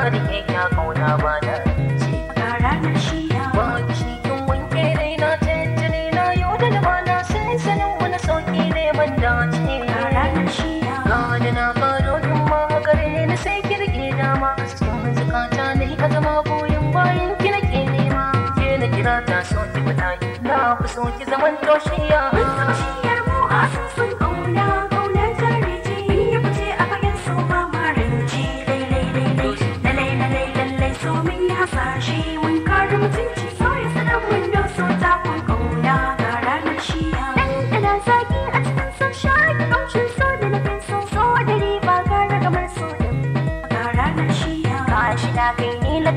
bani iya kauna ba na rinci ranar shi ya wanke dai na tantane na sai sanin sauki ne ban ranar shi ya na faro dun ma gare ni sai kirki dama cikin zukata ne bayan ki nake nema ke na kira ta so ki na so ki zaman toshiya mun mu a sun sun kauna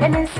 and it's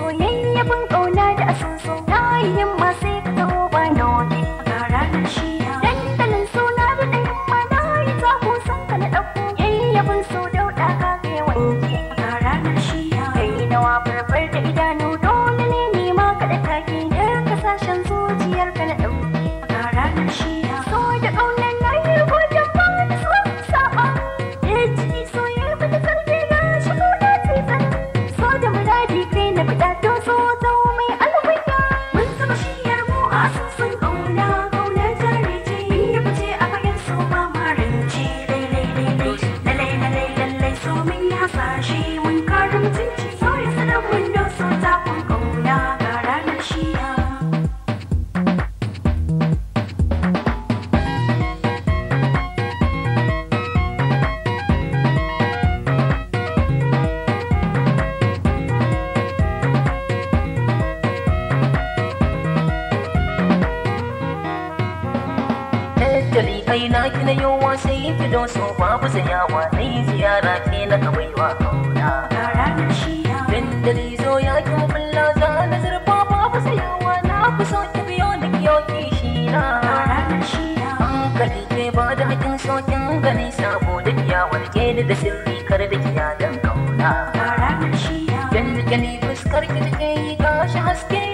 na ki na yawa sai yi ki so babu zayawa na yi ziyara ke na kawai wa kauna. Dandali zo ya ki mukulla za na zurfa babu zayawa na ku so ki biyo yau kiyo shi na. Hankali ke ba da so kin gani sabo da kiyawar ni da sirri kar da kiya dan kauna. ni fuskar ki take yi gashi haske